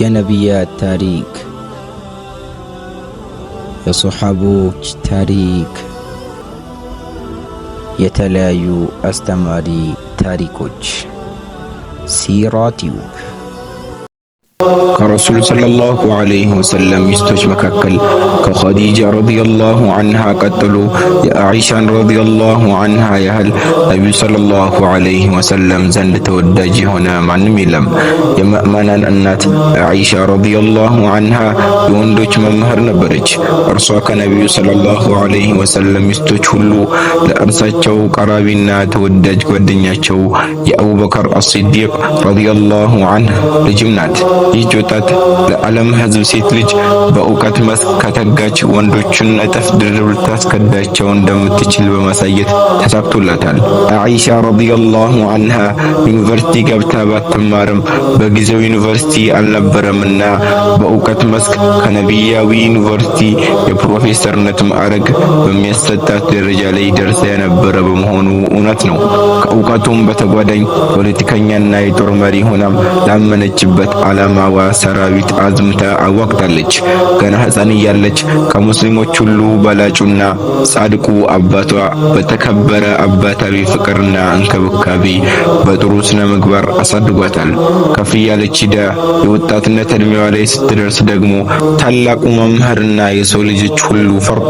يا نبي يا تاريك يا صحابوك تاريك يا تلايو أستماري تاريكوك سيراتيوك ከረሱል ሰለላሁ ዐለይሂ ወሰለም ሚስቶች መካከል ከኸዲጃ ረዲየላሁ አንሃ ቀጥሎ የአኢሻን ረዲየላሁ አንሃ ያህል ነቢዩ ሰለላሁ ዐለይሂ ወሰለም ዘንድ ተወዳጅ የሆነ ማንም የለም። የመእመናን እናት አኢሻ ረዲየላሁ አንሃ የወንዶች መምህር ነበረች። እርሷ ከነቢዩ ሰለላሁ ዐለይሂ ወሰለም ሚስቶች ሁሉ ለእርሳቸው ቀራቢና ተወዳጅ ጓደኛቸው የአቡበከር አስሲዲቅ ረዲየላሁ አንህ ልጅም ናት። ይህች ወጣት ለዓለም ሕዝብ ሴት ልጅ በእውቀት መስክ ከተጋች ወንዶችን እጥፍ ድርብ ልታስከዳቸው እንደምትችል በማሳየት ተሳክቶላታል። አኢሻ ረዲየላሁ አንሃ ዩኒቨርሲቲ ገብታ ባትማርም በጊዜው ዩኒቨርሲቲ አልነበረምና በእውቀት መስክ ከነቢያዊ ዩኒቨርሲቲ የፕሮፌሰርነት ማዕረግ በሚያሰጣት ደረጃ ላይ ደርሳ የነበረ በመሆኑ እውነት ነው። ከእውቀቱም በተጓዳኝ ፖለቲከኛና የጦር መሪ ሆናም ላመነችበት ዓላማ ከተማዋ ሰራዊት አዝምታ አዋግታለች። ገና ሕፃን እያለች ከሙስሊሞች ሁሉ በላጩና ጻድቁ አባቷ በተከበረ አባታዊ ፍቅርና እንክብካቤ በጥሩ ስነ ምግባር አሳድጓታል። ከፍ እያለች ሂዳ የወጣትነት እድሜዋ ላይ ስትደርስ ደግሞ ታላቁ መምህርና የሰው ልጆች ሁሉ ፈርጥ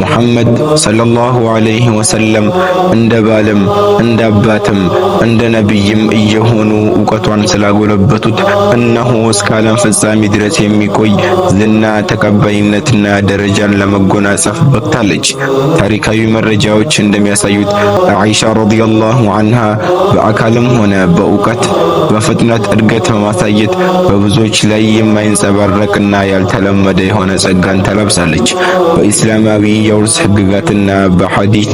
ሙሐመድ ሰለላሁ ዐለይሂ ወሰለም እንደ ባልም እንደ አባትም እንደ ነቢይም እየሆኑ እውቀቷን ስላጎለበቱት እነሆ እስከ ዓለም ፍጻሜ ድረስ የሚቆይ ዝና ተቀባይነትና ደረጃን ለመጎናጸፍ በቅታለች። ታሪካዊ መረጃዎች እንደሚያሳዩት አይሻ ረዲየላሁ አንሃ በአካልም ሆነ በእውቀት በፍጥነት እድገት በማሳየት በብዙዎች ላይ የማይንጸባረቅና ያልተለመደ የሆነ ጸጋን ተለብሳለች። በኢስላማዊ የውርስ ህግጋትና በሐዲስ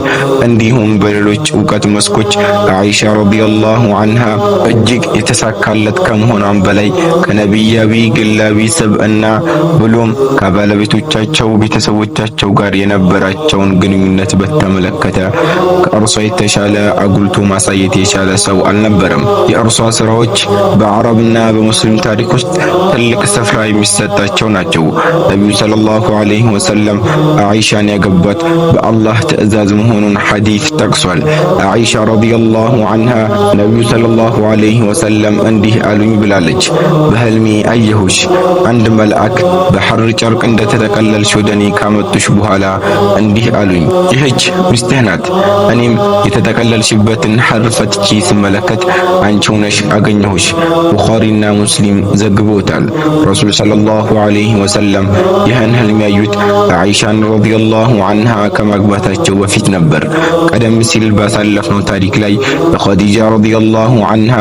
እንዲሁም በሌሎች እውቀት መስኮች አይሻ ረዲየላሁ አንሃ እጅግ የተሳካለት ከመሆኗን በላይ ነቢያዊ ግላዊ ስብዕና ብሎም ከባለቤቶቻቸው ቤተሰቦቻቸው ጋር የነበራቸውን ግንኙነት በተመለከተ ከእርሷ የተሻለ አጉልቶ ማሳየት የቻለ ሰው አልነበረም። የእርሷ ስራዎች በአረብና በሙስሊም ታሪክ ውስጥ ትልቅ ስፍራ የሚሰጣቸው ናቸው። ነቢዩ ሰለላሁ ዐለይሂ ወሰለም አኢሻን ያገባት በአላህ ትዕዛዝ መሆኑን ሐዲስ ጠቅሷል። አኢሻ ረዲየላሁ ዐንሃ ነቢዩ ሰለላሁ ዐለይሂ ወሰለም እንዲህ አሉኝ ብላለች። በሕልሜ አየሁሽ። አንድ መልአክ በሐር ጨርቅ እንደተጠቀለልሽ ወደ እኔ ካመጡሽ በኋላ እንዲህ አሉኝ፣ ይህች ሚስትህ ናት። እኔም የተጠቀለልሽበትን ሐር ፈትቼ ስመለከት አንቺ ሆነሽ አገኘሁሽ። ቡኻሪና ሙስሊም ዘግቦታል። ረሱል ሰለላሁ ዐለይሂ ወሰለም ይህን ሕልም ያዩት ዓኢሻን ረዲየላሁ ዐንሃ ከማግባታቸው በፊት ነበር። ቀደም ሲል ባሳለፍነው ታሪክ ላይ በኸዲጃ ረዲየላሁ ዐንሃ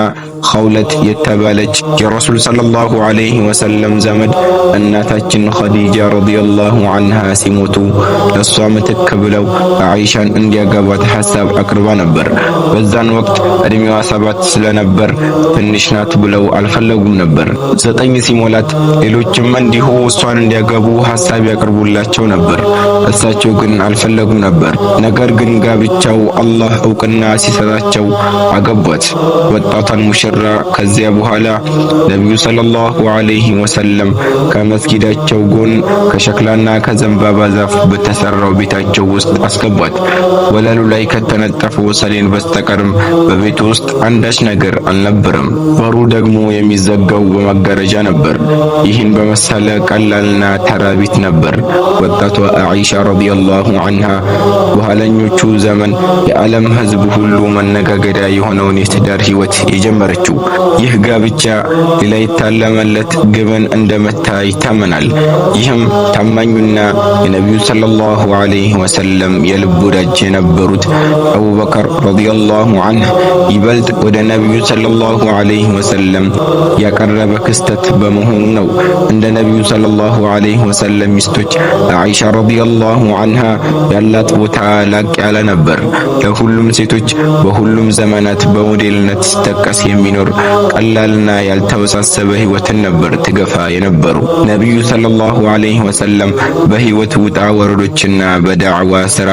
ኸውለት የተባለች የረሱል ሰለላሁ ዐለይሂ ወሰለም ዘመድ እናታችን ኸዲጃ ረዲየላሁ ዐንሃ ሲሞቱ ለእሷ ምትክ ብለው አይሻን እንዲያገባት ሐሳብ አቅርባ ነበር። በዛን ወቅት እድሜዋ ሰባት ስለነበር ትንሽ ናት ብለው አልፈለጉም ነበር። ዘጠኝ ሲሞላት ሌሎችም እንዲሁ እሷን እንዲያገቡ ሐሳብ ያቅርቡላቸው ነበር። እሳቸው ግን አልፈለጉም ነበር። ነገር ግን ጋብቻው አላህ እውቅና ሲሰጣቸው አገቧት። ወጣቷን ሙሽራ ተሰራ። ከዚያ በኋላ ነቢዩ ሰለላሁ ዐለይሂ ወሰለም ከመስጊዳቸው ጎን ከሸክላና ከዘንባባ ዛፍ በተሰራው ቤታቸው ውስጥ አስገቧት። ወለሉ ላይ ከተነጠፈው ሰሌን በስተቀርም በቤቱ ውስጥ አንዳች ነገር አልነበረም። በሩ ደግሞ የሚዘጋው በመጋረጃ ነበር። ይህን በመሰለ ቀላልና ተራ ቤት ነበር ወጣቷ አኢሻ ረዲየላሁ አንሃ በኋለኞቹ ዘመን የዓለም ሕዝብ ሁሉ መነጋገሪያ የሆነውን የትዳር ሕይወት የጀመረች። አላችሁ። ይህ ጋብቻ ሊታለመለት ግብን እንደመታይ ይታመናል። ይህም ታማኙና የነቢዩ ሰለላሁ ዐለይሂ ወሰለም የልብ ወዳጅ የነበሩት አቡበከር ረዲየላሁ ዐንሁ ይበልጥ ወደ ነቢዩ ሰለላሁ ዐለይሂ ወሰለም ያቀረበ ክስተት በመሆኑ ነው። እንደ ነቢዩ ሰለላሁ ዐለይሂ ወሰለም ሚስቶች አኢሻ ረዲየላሁ ዐንሃ ያላት ቦታ ላቅ ያለ ነበር። ለሁሉም ሴቶች በሁሉም ዘመናት በሞዴልነት ሲጠቀስ የሚ እንዳይኖር ቀላልና ያልተወሳሰበ ህይወትን ነበር ትገፋ የነበሩ። ነቢዩ ሰለላሁ ዐለይሂ ወሰለም በህይወት ውጣ ወረዶችና በዳዕዋ ስራ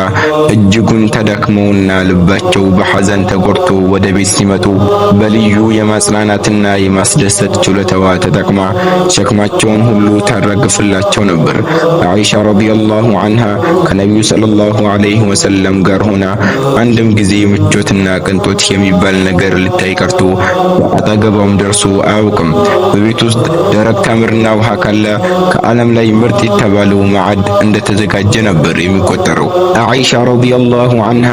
እጅጉን ተዳክመውና ልባቸው በሐዘን ተጎድቶ ወደ ቤት ሲመጡ በልዩ የማጽናናትና የማስደሰት ችሎታዋ ተጠቅማ ሸክማቸውን ሁሉ ታራግፍላቸው ነበር። አይሻ ረዲየላሁ ዐንሃ ከነቢዩ ሰለላሁ ዐለይሂ ወሰለም ጋር ሆና አንድም ጊዜ ምቾትና ቅንጦት የሚባል ነገር ልታይ ቀርቶ አጠገቧም ደርሶ አያውቅም። በቤት ውስጥ ደረቅ ተምርና ውሃ ካለ ከዓለም ላይ ምርጥ የተባለው ማዕድ እንደተዘጋጀ ነበር የሚቆጠረው። አይሻ ረዲየላሁ አንሃ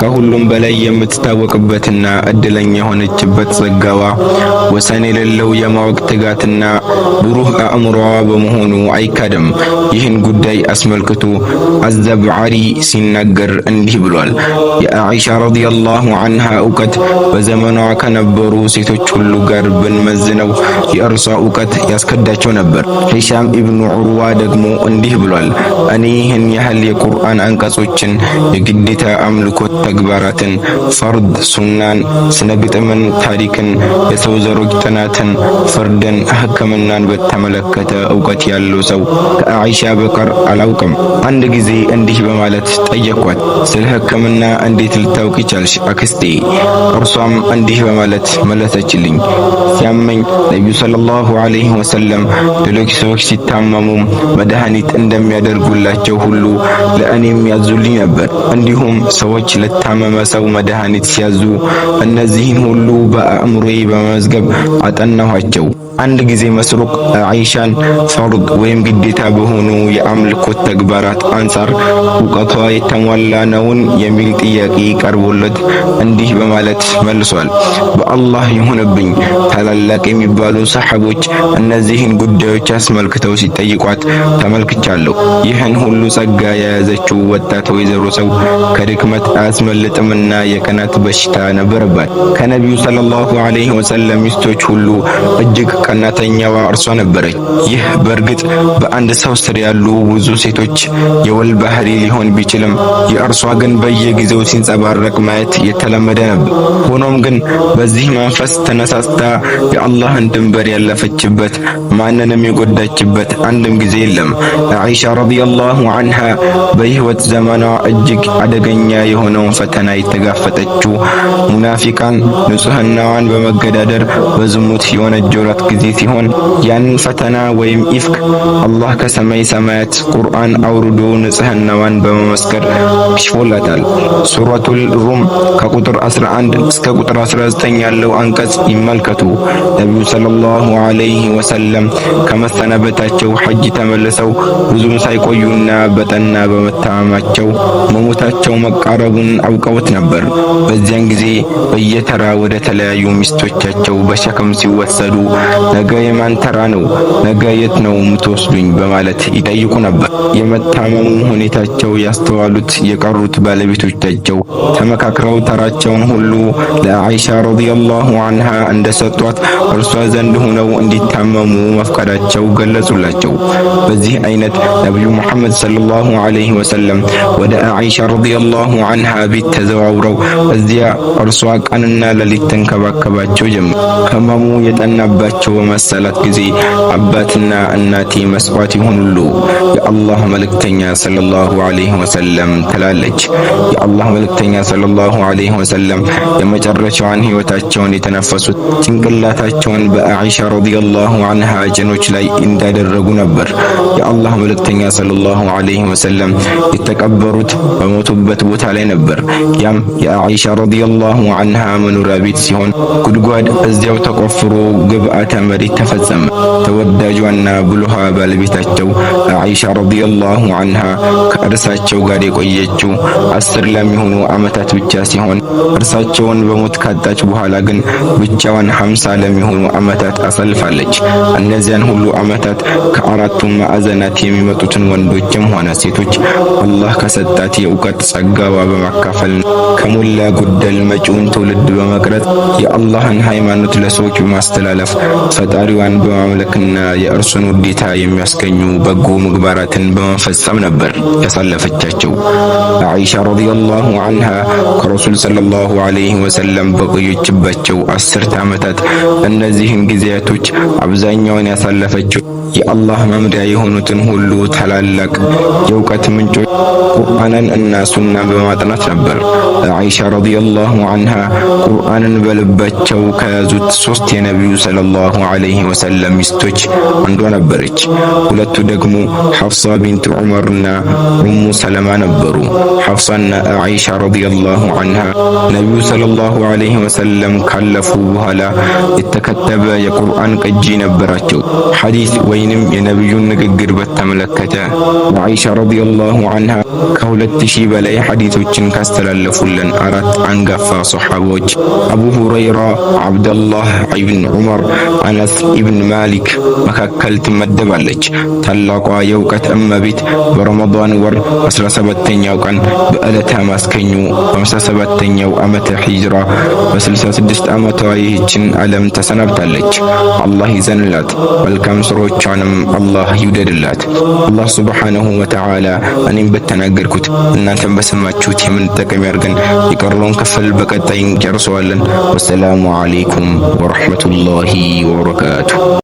ከሁሉም በላይ የምትታወቅበትና እድለኛ የሆነችበት ጸጋዋ ወሰን የሌለው የማወቅ ትጋትና ብሩህ አእምሮዋ በመሆኑ አይካድም። ይህን ጉዳይ አስመልክቶ አዘብዓሪ ሲናገር እንዲህ ብሏል። የአኢሻ ረዲየላሁ አንሃ እውቀት በዘመኗ ከነበሩ ሴቶች ሁሉ ጋር ብንመዝነው የእርሷ እውቀት ያስከዳቸው ነበር። ሂሻም ኢብኑ ዑርዋ ደግሞ እንዲህ ብሏል። እኔ ይህን ያህል የቁርአን አንቀጾችን፣ የግዴታ አምልኮት ተግባራትን፣ ፈርድ፣ ሱናን፣ ስነ ግጥምን፣ ታሪክን፣ የሰው ዘሮች ጥናትን፣ ፍርድን፣ ሕክምናን በተመለከተ እውቀት ያለው ሰው ከአይሻ በቀር አላውቅም። አንድ ጊዜ እንዲህ በማለት ጠየኳት፣ ስለ ሕክምና እንዴት ልታውቅ ይቻልሽ አክስቴ? እርሷም እንዲህ በማለት Escuelas ሲያመኝ ነቢዩ ሰለላሁ ዐለይሂ ወሰለም ሌሎች ሰዎች ሲታመሙም መድኃኒት እንደሚያደርጉላቸው ሁሉ ለእኔም ያዙልኝ ነበር። እንዲሁም ሰዎች ለታመመ ሰው መድኃኒት ሲያዙ እነዚህን ሁሉ በአእምሮዬ በመመዝገብ አጠናኋቸው። አንድ ጊዜ መስሩቅ አይሻን ፈርድ ወይም ግዴታ በሆኑ የአምልኮት ተግባራት አንጻር እውቀቷ የተሟላ ነውን የሚል ጥያቄ ቀርቦለት እንዲህ በማለት መልሷል። በአላህ ይሁንብኝ ታላላ ታላላቅ የሚባሉ ሰሐቦች እነዚህን ጉዳዮች አስመልክተው ሲጠይቋት ተመልክቻለሁ። ይህን ሁሉ ጸጋ የያዘችው ወጣት ወይዘሮ ሰው ከድክመት አያስመልጥምና የከናት በሽታ ነበረባት። ከነቢዩ ሰለላሁ ዐለይሂ ወሰለም ሚስቶች ሁሉ እጅግ ቀናተኛዋ እርሷ ነበረች። ይህ በእርግጥ በአንድ ሰው ስር ያሉ ብዙ ሴቶች የወል ባህሪ ሊሆን ቢችልም የእርሷ ግን በየጊዜው ሲንጸባረቅ ማየት የተለመደ ነበር። ሆኖም ግን በዚህ መንፈስ ተነሳስታ የአላህን ድንበር ያለፈችበት ማንንም የጎዳችበት አንድም ጊዜ የለም። ዓኢሻ ረዲየላሁ አንሃ በህይወት ዘመኗ እጅግ አደገኛ የሆነውን ፈተና የተጋፈጠችው ሙናፊቃን ንጽህናዋን በመገዳደር በዝሙት የወነጀሏት ጊዜ ሲሆን ያንን ፈተና ወይም ኢፍክ አላህ ከሰማይ ሰማያት ቁርአን አውርዶ ንጽህናዋን በመመስከር ክሽፎላታል። ሱረቱል ሩም ከቁጥር 11 እስከ ቁጥር 19 ያለው አንቀጽ ይመልከቱ። ነቢዩ ሰለላሁ ዐለይሂ ወሰለም ከመሰናበታቸው ሐጅ ተመልሰው ብዙም ሳይቆዩና በጠና በመታመማቸው መሞታቸው መቃረቡን አውቀውት ነበር። በዚያን ጊዜ በየተራ ወደ ተለያዩ ሚስቶቻቸው በሸክም ሲወሰዱ ነገ የማን ተራ ነው? ነገ የት ነው የምትወስዱኝ? በማለት ይጠይቁ ነበር። የመታመሙ ሁኔታቸው ያስተዋሉት የቀሩት ባለቤቶቻቸው ተመካክረው ተራቸውን ሁሉ ለአይሻ ረዲየላሁ ዐንሃ እንደሰጧት እርሷ ዘንድ ሆነው እንዲታመሙ መፍቀዳቸው ገለጹላቸው። በዚህ አይነት ነቢዩ መሐመድ ሰለላሁ ዐለይሂ ወሰለም ወደ አኢሻ ረዲየላሁ ዐንሃ ቤት ተዘዋውረው እዚያ እርሷ ቀንና ሌሊት ተንከባከባቸው ጀመር። ህመሙ የጠናባቸው በመሰላት ጊዜ አባትና እናቴ መስዋዕት ይሆኑሉ የአላህ መልእክተኛ ሰለላሁ ዐለይሂ ወሰለም ትላለች። የአላህ መልእክተኛ ሰለላሁ ዐለይሂ ወሰለም የመጨረሻዋን ህይወታቸውን የተነፈሱት ጭንቅላታ እጃቸውን በአኢሻ ረዲየላሁ አንሃ ጭኖች ላይ እንዳደረጉ ነበር። የአላህ መልእክተኛ ሰለላሁ ዐለይሂ ወሰለም የተቀበሩት በሞቱበት ቦታ ላይ ነበር። ያም የአኢሻ ረዲየላሁ አንሃ መኖሪያ ቤት ሲሆን ጉድጓድ እዚያው ተቆፍሮ ግብአተ መሬት ተፈጸመ። ተወዳጇና ብሉሃ ባለቤታቸው አኢሻ ረዲየላሁ አንሃ ከእርሳቸው ጋር የቆየችው አስር ለሚሆኑ ዓመታት ብቻ ሲሆን እርሳቸውን በሞት ካጣች በኋላ ግን ብቻዋን ሐምሳ ለሚ የሚሆኑ ዓመታት አሳልፋለች። እነዚያን ሁሉ ዓመታት ከአራቱ ማዕዘናት የሚመጡትን ወንዶችም ሆነ ሴቶች አላህ ከሰጣት የእውቀት ጸጋዋ በማካፈል ከሞላ ጎደል መጪውን ትውልድ በመቅረጽ የአላህን ሃይማኖት ለሰዎች በማስተላለፍ ፈጣሪዋን በማምለክና የእርሱን ውዴታ የሚያስገኙ በጎ ምግባራትን በመፈጸም ነበር ያሳለፈቻቸው። አኢሻ ረዲየላሁ አንሃ ከረሱል ሰለላሁ ዐለይሂ ወሰለም በቆየችባቸው አስርተ ዓመታት በእነዚህም ጊዜያቶች አብዛኛውን ያሳለፈችው የአላህ መምሪያ የሆኑትን ሁሉ ታላላቅ የእውቀት ምንጮች ቁርአንን እና ሱናን በማጥናት ነበር። አኢሻ ረዲየላሁ አንሃ ቁርአንን በልባቸው ከያዙት ሶስት የነቢዩ ሰለላሁ ዐለይሂ ወሰለም ሚስቶች አንዷ ነበረች። ሁለቱ ደግሞ ሐፍሳ ቢንት ዑመር ዑመርና ኡሙ ሰለማ ነበሩ። ሐፍሳና አይሻ ረዲየላሁ አንሃ ነቢዩ ሰለላሁ ዐለይሂ ወሰለም ካለፉ በኋላ የተከተበ የቁርአን ቅጂ ነበራቸው። ሐዲስ ወይንም የነቢዩን ንግግር በተመለከተ ወአይሻ ረዲየላሁ አንሃ ከሁለት ሺህ በላይ ሐዲቶችን ካስተላለፉልን አራት አንጋፋ ሰሓቦች አቡ ሁረይራ፣ ዓብደላህ ኢብን ዑመር፣ አነስ ኢብን ማሊክ መካከል ትመደባለች። ታላቋ የእውቀት እመቤት በረመዳን ወር 17ኛው ቀን በዕለተ ማስከኙ በ57ኛው ዓመተ ሂጅራ በ66 ዓመቷ ይህችን ዓለም ተ። ተሰናብታለች። አላህ ይዘንላት፣ መልካም ስራዎቿንም አላህ ይውደድላት። አላህ ሱብሓነሁ ወተዓላ እኔም በተናገርኩት እናንተም በሰማችሁት የምንጠቀም ያድርገን። የቀረውን ክፍል በቀጣይ ጨርሰዋለን ወሰላሙ አለይኩም ወረሕመቱላሂ ወበረካቱ።